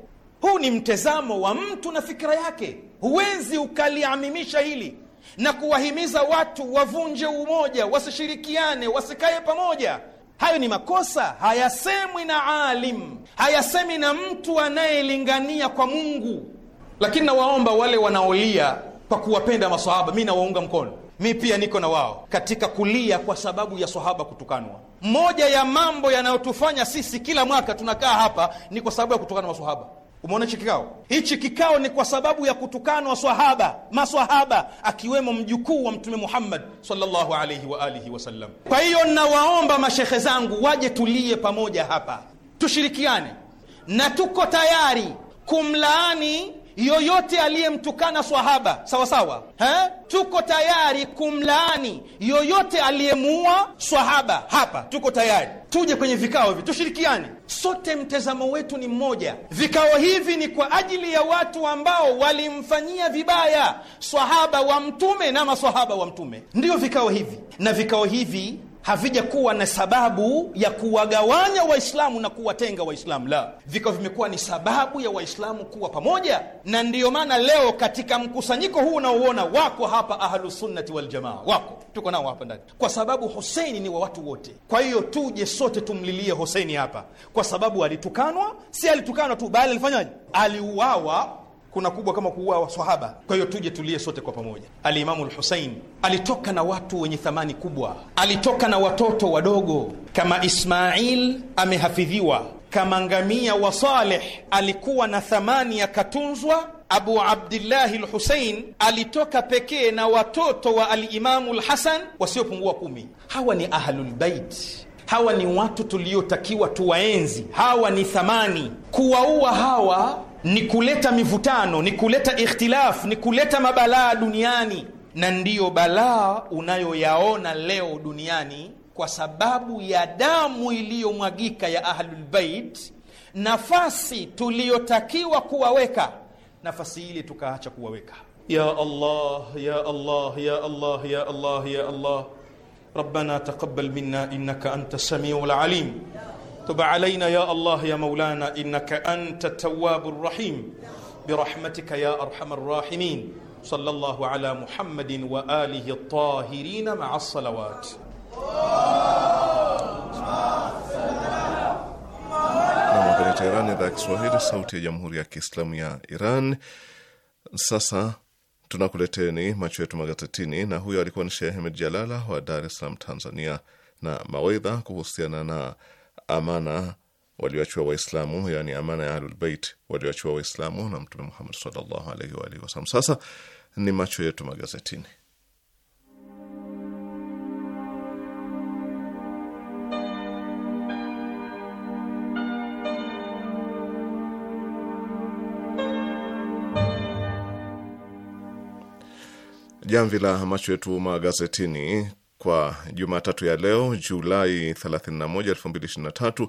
Huu ni mtazamo wa mtu na fikira yake, huwezi ukaliamimisha hili na kuwahimiza watu wavunje umoja, wasishirikiane, wasikaye pamoja. Hayo ni makosa, hayasemwi na alim, hayasemi na mtu anayelingania kwa Mungu. Lakini nawaomba wale wanaolia kwa kuwapenda masahaba, mi nawaunga mkono mi pia niko na wao katika kulia kwa sababu ya swahaba kutukanwa. Moja ya mambo yanayotufanya sisi kila mwaka tunakaa hapa ni kwa sababu ya kutukanwa maswahaba. Umeona hichi kikao, hichi kikao ni kwa sababu ya kutukanwa sahaba, maswahaba akiwemo mjukuu wa Mtume Muhammad sallallahu alaihi wa alihi wasallam. Kwa hiyo nawaomba mashehe zangu waje tulie pamoja hapa, tushirikiane na tuko tayari kumlaani yoyote aliyemtukana swahaba sawasawa, ha? Tuko tayari kumlaani yoyote aliyemuua swahaba hapa, tuko tayari tuje kwenye vikao hivi tushirikiane sote, mtazamo wetu ni mmoja. Vikao hivi ni kwa ajili ya watu ambao walimfanyia vibaya swahaba wa Mtume na maswahaba wa Mtume, ndiyo vikao hivi. Na vikao hivi havijakuwa na sababu ya kuwagawanya Waislamu na kuwatenga Waislamu, la, viko vimekuwa ni sababu ya Waislamu kuwa pamoja. Na ndiyo maana leo katika mkusanyiko huu unaouona wako hapa Ahlusunnati Waljamaa, wako tuko nao hapa ndani, kwa sababu Hoseini ni wa watu wote. Kwa hiyo tuje sote tumlilie Hoseini hapa, kwa sababu alitukanwa, si alitukanwa tu, bali alifanyaje? Aliuawa kuna kubwa kama kuua waswahaba. Kwa hiyo tuje tulie sote kwa pamoja. Alimamu Lhusein alitoka na watu wenye thamani kubwa, alitoka na watoto wadogo kama Ismail amehafidhiwa, kama ngamia wa Saleh alikuwa na thamani akatunzwa. Abu Abdillahi Lhusein alitoka pekee na watoto wa Alimamu Lhasan wasiopungua kumi. Hawa ni Ahlulbeit. Hawa ni watu tuliotakiwa tuwaenzi. Hawa ni thamani. Kuwaua hawa ni kuleta mivutano, ni kuleta ikhtilafu, ni kuleta mabalaa duniani, na ndiyo balaa unayoyaona leo duniani kwa sababu ya damu iliyomwagika ya Ahlulbeit. Nafasi tuliyotakiwa kuwaweka, nafasi ile tukaacha kuwaweka. Ya Allah, ya Allah, ya Allah, ya Allah, ya Allah, rabbana taqabbal minna innaka anta samiul alim تب علينا يا الله يا مولانا إنك أنت التواب الرحيم برحمتك يا أرحم الراحمين صلى الله على محمد وآله الطاهرين مع الصلوات Namwakaleta Iran, idhaa ya Kiswahili, sauti ya jamhuri ya kiislamu ya Iran. Sasa tunakuleteni macho yetu magazetini, na huyo alikuwa ni Shehe Ahmed Jalala wa Dar es Salaam, Tanzania, na mawaidha kuhusiana na amana walioachiwa Waislamu, yani amana ya Ahlulbeit walioachiwa Waislamu na Mtume Muhammad sallallahu alaihi wa alihi wasallam. Sasa ni macho yetu magazetini. Jamvi la macho yetu magazetini kwa Jumatatu ya leo Julai 31, 2023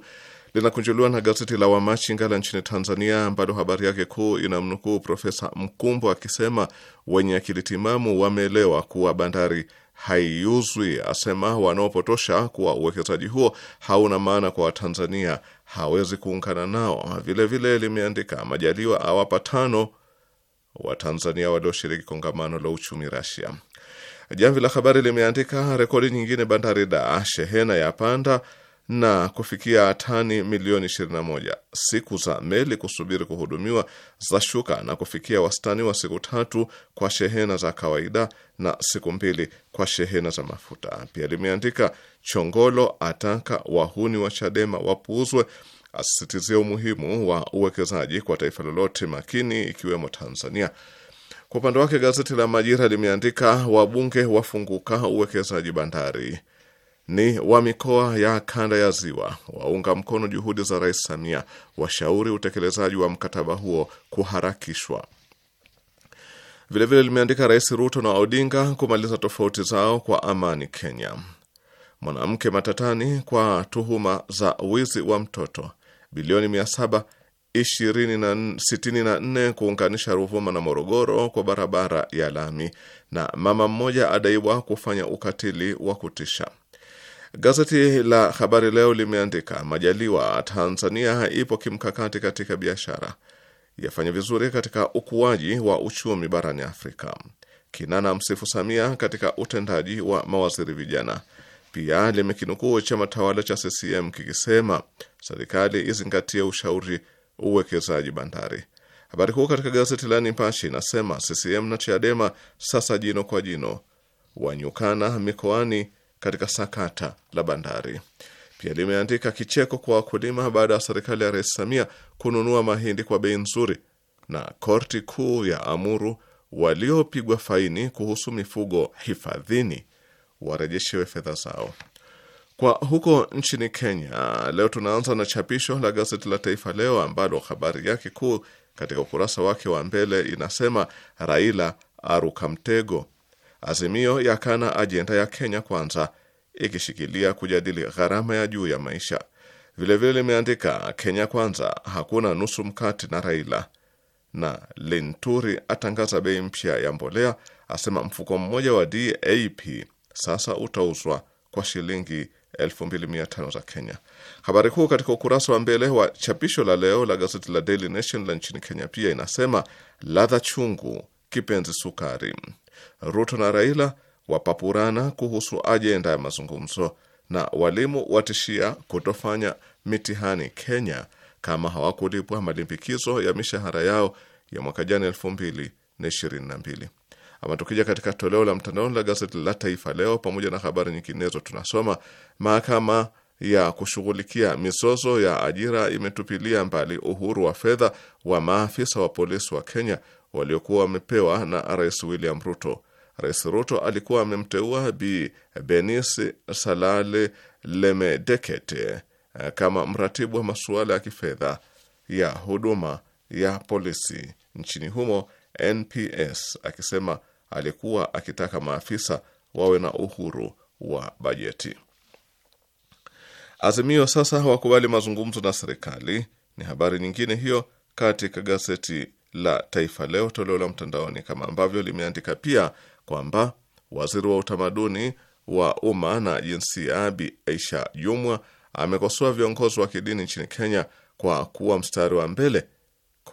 linakunjuliwa na gazeti la Wamachinga la nchini Tanzania, ambalo habari yake kuu inamnukuu Profesa Mkumbo akisema wenye akili timamu wameelewa kuwa bandari haiuzwi, asema wanaopotosha kuwa uwekezaji huo hauna maana kwa Watanzania hawezi kuungana nao. Vilevile limeandika Majaliwa awapa tano Watanzania walioshiriki kongamano la uchumi Rasia. Jamvi la Habari limeandika rekodi nyingine, bandari da shehena ya panda na kufikia tani milioni 21. Siku za meli kusubiri kuhudumiwa za shuka na kufikia wastani wa siku tatu kwa shehena za kawaida na siku mbili kwa shehena za mafuta. Pia limeandika Chongolo ataka wahuni wa Chadema wapuuzwe, asisitizia umuhimu wa uwekezaji kwa taifa lolote makini ikiwemo Tanzania. Kwa upande wake gazeti la Majira limeandika wabunge wafunguka uwekezaji bandari, ni wa mikoa ya kanda ya ziwa waunga mkono juhudi za Rais Samia, washauri utekelezaji wa mkataba huo kuharakishwa. Vilevile limeandika Rais Ruto na Odinga kumaliza tofauti zao kwa amani Kenya, mwanamke matatani kwa tuhuma za wizi wa mtoto, bilioni mia saba 64 kuunganisha Ruvuma na Morogoro kwa barabara ya lami, na mama mmoja adaiwa kufanya ukatili wa kutisha. Gazeti la Habari Leo limeandika Majaliwa, Tanzania ipo kimkakati katika biashara, yafanya vizuri katika ukuaji wa uchumi barani Afrika. Kinana msifu Samia katika utendaji wa mawaziri vijana. Pia limekinukuu chama tawala cha CCM kikisema serikali izingatie ushauri uwekezaji bandari. Habari kuu katika gazeti la Nipashe inasema CCM na Chadema sasa jino kwa jino, wanyukana mikoani katika sakata la bandari. Pia limeandika kicheko kwa wakulima baada ya serikali ya Rais Samia kununua mahindi kwa bei nzuri, na korti kuu ya amuru waliopigwa faini kuhusu mifugo hifadhini warejeshewe fedha zao. Kwa huko nchini Kenya leo tunaanza na chapisho la gazeti la Taifa Leo ambalo habari yake kuu katika ukurasa wake wa mbele inasema Raila aruka mtego, Azimio ya kana ajenda ya Kenya Kwanza ikishikilia kujadili gharama ya juu ya maisha. Vilevile limeandika Kenya Kwanza hakuna nusu mkati na Raila, na Linturi atangaza bei mpya ya mbolea, asema mfuko mmoja wa DAP sasa utauzwa kwa shilingi 2500 za Kenya. Habari kuu katika ukurasa wa mbele wa chapisho la leo la gazeti la Daily Nation la nchini Kenya pia inasema ladha chungu, kipenzi sukari. Ruto na Raila wapapurana kuhusu ajenda ya mazungumzo, na walimu watishia kutofanya mitihani Kenya kama hawakulipwa malimbikizo ya mishahara yao ya mwaka jana 222 ama tukija katika toleo la mtandaoni la gazeti la Taifa Leo, pamoja na habari nyinginezo, tunasoma mahakama ya kushughulikia mizozo ya ajira imetupilia mbali uhuru wa fedha wa maafisa wa polisi wa Kenya waliokuwa wamepewa na Rais William Ruto. Rais Ruto alikuwa amemteua Bi Benis Salale Lemedekete eh, kama mratibu wa masuala ya kifedha ya huduma ya polisi nchini humo NPS akisema alikuwa akitaka maafisa wawe na uhuru wa bajeti. Azimio sasa hawakubali mazungumzo na serikali, ni habari nyingine hiyo katika gazeti la Taifa Leo toleo la mtandaoni, kama ambavyo limeandika pia kwamba waziri wa utamaduni wa umma na jinsia Bi Aisha Jumwa amekosoa viongozi wa kidini nchini Kenya kwa kuwa mstari wa mbele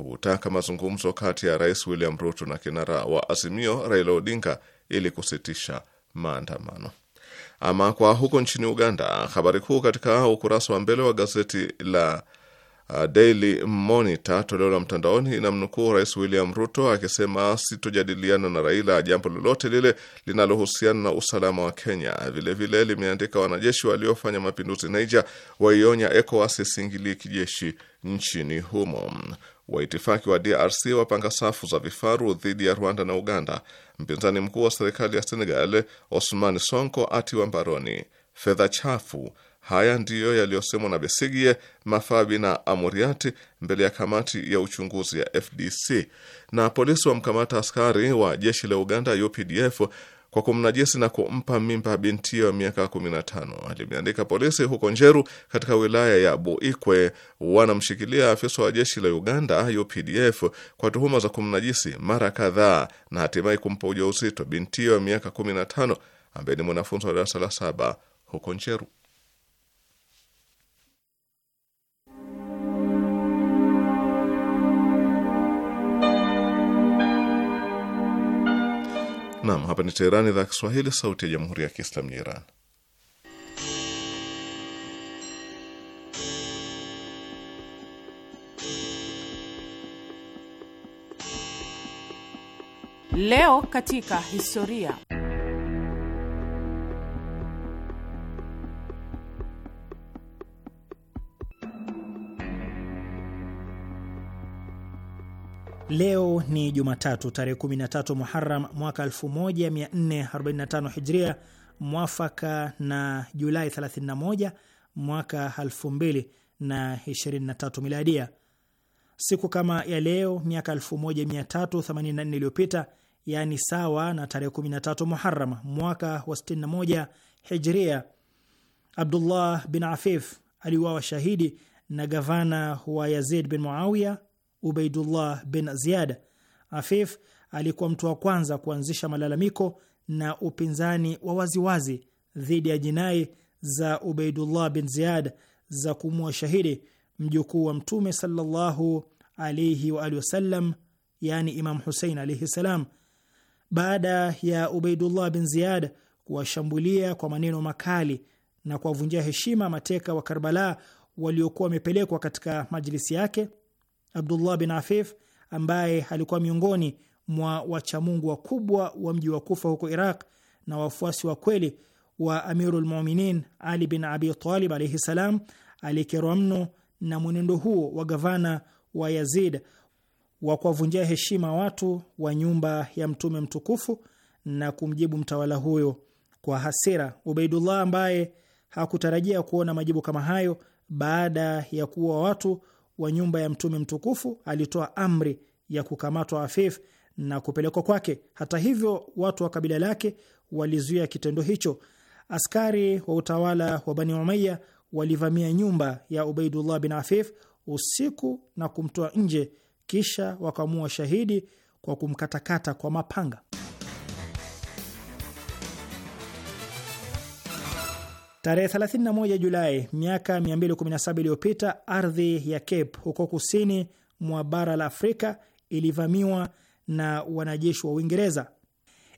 kutaka mazungumzo kati ya Rais William Ruto na kinara wa Azimio Raila Odinga ili kusitisha maandamano. Ama kwa huko nchini Uganda, habari kuu katika ukurasa wa mbele wa gazeti la uh, Daily Monitor toleo la mtandaoni inamnukuu Rais William Ruto akisema sitojadiliana na Raila jambo lolote lile linalohusiana na usalama wa Kenya. Vilevile limeandika wanajeshi waliofanya mapinduzi Niger waionya ECOWAS isiingilie kijeshi nchini humo. Waitifaki wa DRC wapanga safu za vifaru dhidi ya Rwanda na Uganda. Mpinzani mkuu wa serikali ya Senegal Osman Sonko atiwa mbaroni. Fedha chafu. Haya ndiyo yaliyosemwa na Besigie, Mafabi na Amuriati mbele ya kamati ya uchunguzi ya FDC. Na polisi wamkamata askari wa jeshi la Uganda UPDF kwa kumnajisi na kumpa mimba binti wa miaka 15, alimeandika Polisi huko Njeru katika wilaya ya Buikwe wanamshikilia afisa wa jeshi la Uganda UPDF kwa tuhuma za kumnajisi mara kadhaa na hatimaye kumpa ujauzito binti wa miaka 15 ambaye ni mwanafunzi wa darasa la saba huko Njeru. Naam, hapa ni Teherani, idhaa ya Kiswahili, sauti ya jamhuri ya kiislamu ya Iran. Leo katika historia Leo ni Jumatatu tarehe 13 Muharam mwaka 1445 Hijria, mwafaka na Julai 31 mwaka 2023 Miladia. Siku kama ya leo miaka 1384 iliyopita, yaani sawa na tarehe 13 Muharam mwaka wa 61 Hijria, Abdullah bin Afif aliuawa shahidi na gavana wa Yazid bin Muawiya Ubeidullah bin Ziyad. Afif alikuwa mtu wa kwanza kuanzisha malalamiko na upinzani wa waziwazi dhidi ya jinai za Ubeidullah bin Ziyad za kumua shahidi mjukuu wa Mtume sallallahu alaihi wa alihi wasallam, yani Imam Husein alaihi salam. Baada ya Ubeidullah bin Ziyad kuwashambulia kwa maneno makali na kuwavunjia heshima mateka wa Karbala waliokuwa wamepelekwa katika majlisi yake, Abdullah bin Afif ambaye alikuwa miongoni mwa wachamungu wakubwa wa mji wa Kufa huko Iraq na wafuasi wa kweli wa Amirul Muminin Ali bin Abi Talib alaihi salam, alikerwa mno na mwenendo huo wa gavana wa Yazid wa kuwavunjia heshima watu wa nyumba ya mtume mtukufu na kumjibu mtawala huyo kwa hasira. Ubaidullah ambaye hakutarajia kuona majibu kama hayo baada ya kuua watu wa nyumba ya mtume mtukufu alitoa amri ya kukamatwa Afif na kupelekwa kwake. Hata hivyo, watu wa kabila lake walizuia kitendo hicho. Askari wa utawala wa Bani Umaya walivamia nyumba ya Ubaidullah bin Afif usiku na kumtoa nje, kisha wakamua shahidi kwa kumkatakata kwa mapanga. Tarehe 31 Julai miaka 217 iliyopita, ardhi ya Cape huko kusini mwa bara la Afrika ilivamiwa na wanajeshi wa Uingereza.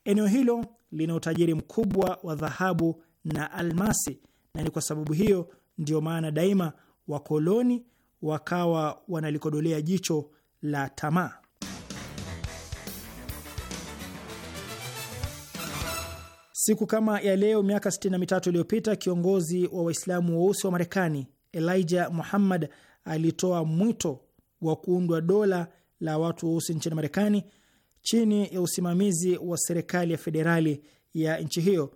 Eneo hilo lina utajiri mkubwa wa dhahabu na almasi, na ni kwa sababu hiyo ndiyo maana daima wakoloni wakawa wanalikodolea jicho la tamaa. Siku kama ya leo miaka 63 iliyopita kiongozi wa Waislamu weusi wa Marekani Elijah Muhammad alitoa mwito wa kuundwa dola la watu weusi nchini Marekani chini ya usimamizi wa serikali ya federali ya nchi hiyo.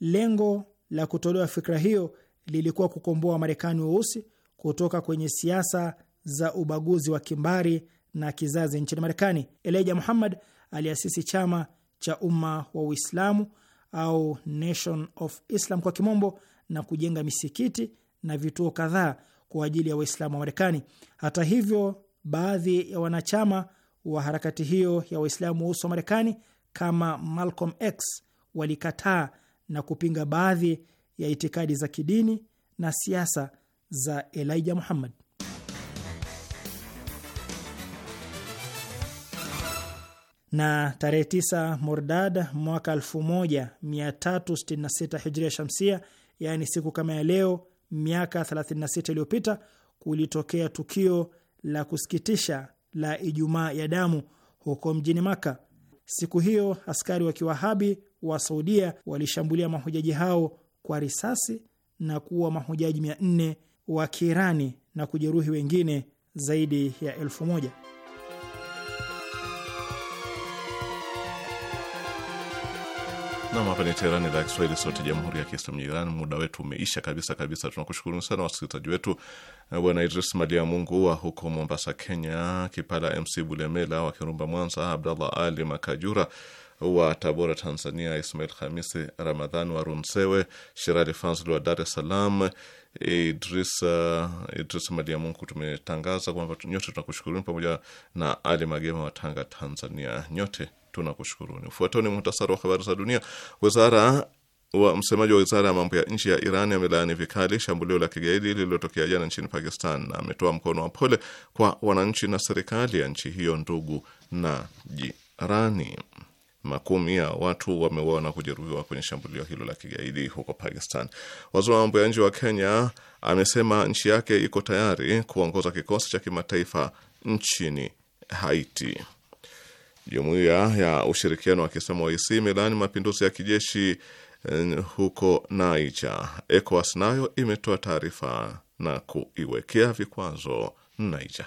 Lengo la kutolewa fikra hiyo lilikuwa kukomboa Wamarekani weusi kutoka kwenye siasa za ubaguzi wa kimbari na kizazi nchini Marekani. Elijah Muhammad aliasisi chama cha Umma wa Uislamu au Nation of Islam kwa kimombo na kujenga misikiti na vituo kadhaa kwa ajili ya Waislamu wa Marekani. Hata hivyo, baadhi ya wanachama wa harakati hiyo ya Waislamu weusi wa Marekani kama Malcolm X walikataa na kupinga baadhi ya itikadi za kidini na siasa za Elijah Muhammad. na tarehe 9 Mordad mwaka 1366 Hijria Shamsia, yaani siku kama ya leo miaka 36 iliyopita, kulitokea tukio la kusikitisha la Ijumaa ya damu huko mjini Maka. Siku hiyo askari wa kiwahabi wa Saudia walishambulia mahujaji hao kwa risasi na kuua mahujaji 400 wa Kiirani na kujeruhi wengine zaidi ya elfu moja. Nam, hapa ni Teherani, idhaa ya Kiswahili, sauti ya jamhuri ya kiislamu ya Iran. Muda wetu umeisha kabisa kabisa. Tunakushukuru sana wasikilizaji wetu, eh, Bwana Idris Malia Mungu wa huko Mombasa, Kenya, Kipala MC Bulemela wa Kirumba, Mwanza, Abdallah Ali Makajura wa Tabora, Tanzania, Ismail Hamisi Ramadhan wa Runsewe, Shirali Fanzl wa Dar es Salaam, Idris, uh, Idris Malia Mungu. Tumetangaza kwamba nyote tunakushukuruni, pamoja na Ali Magema wa Tanga, Tanzania. Nyote tunakushukuruni. Ufuatao ni muhtasari wa habari za dunia. Wizara wa msemaji wa wizara ya mambo ya nchi ya Iran amelaani vikali shambulio la kigaidi lililotokea jana nchini Pakistan na ametoa mkono wa pole kwa wananchi na serikali ya nchi hiyo ndugu na jirani. Makumi ya watu wameuawa na kujeruhiwa kwenye shambulio hilo la kigaidi huko Pakistan. Waziri wa mambo ya nje wa Kenya amesema nchi yake iko tayari kuongoza kikosi cha kimataifa nchini Haiti. Jumuiya ya ushirikiano wa Kiislamu wa OIC imelaani mapinduzi ya kijeshi eh, huko Niger. ECOWAS nayo imetoa taarifa na kuiwekea vikwazo naija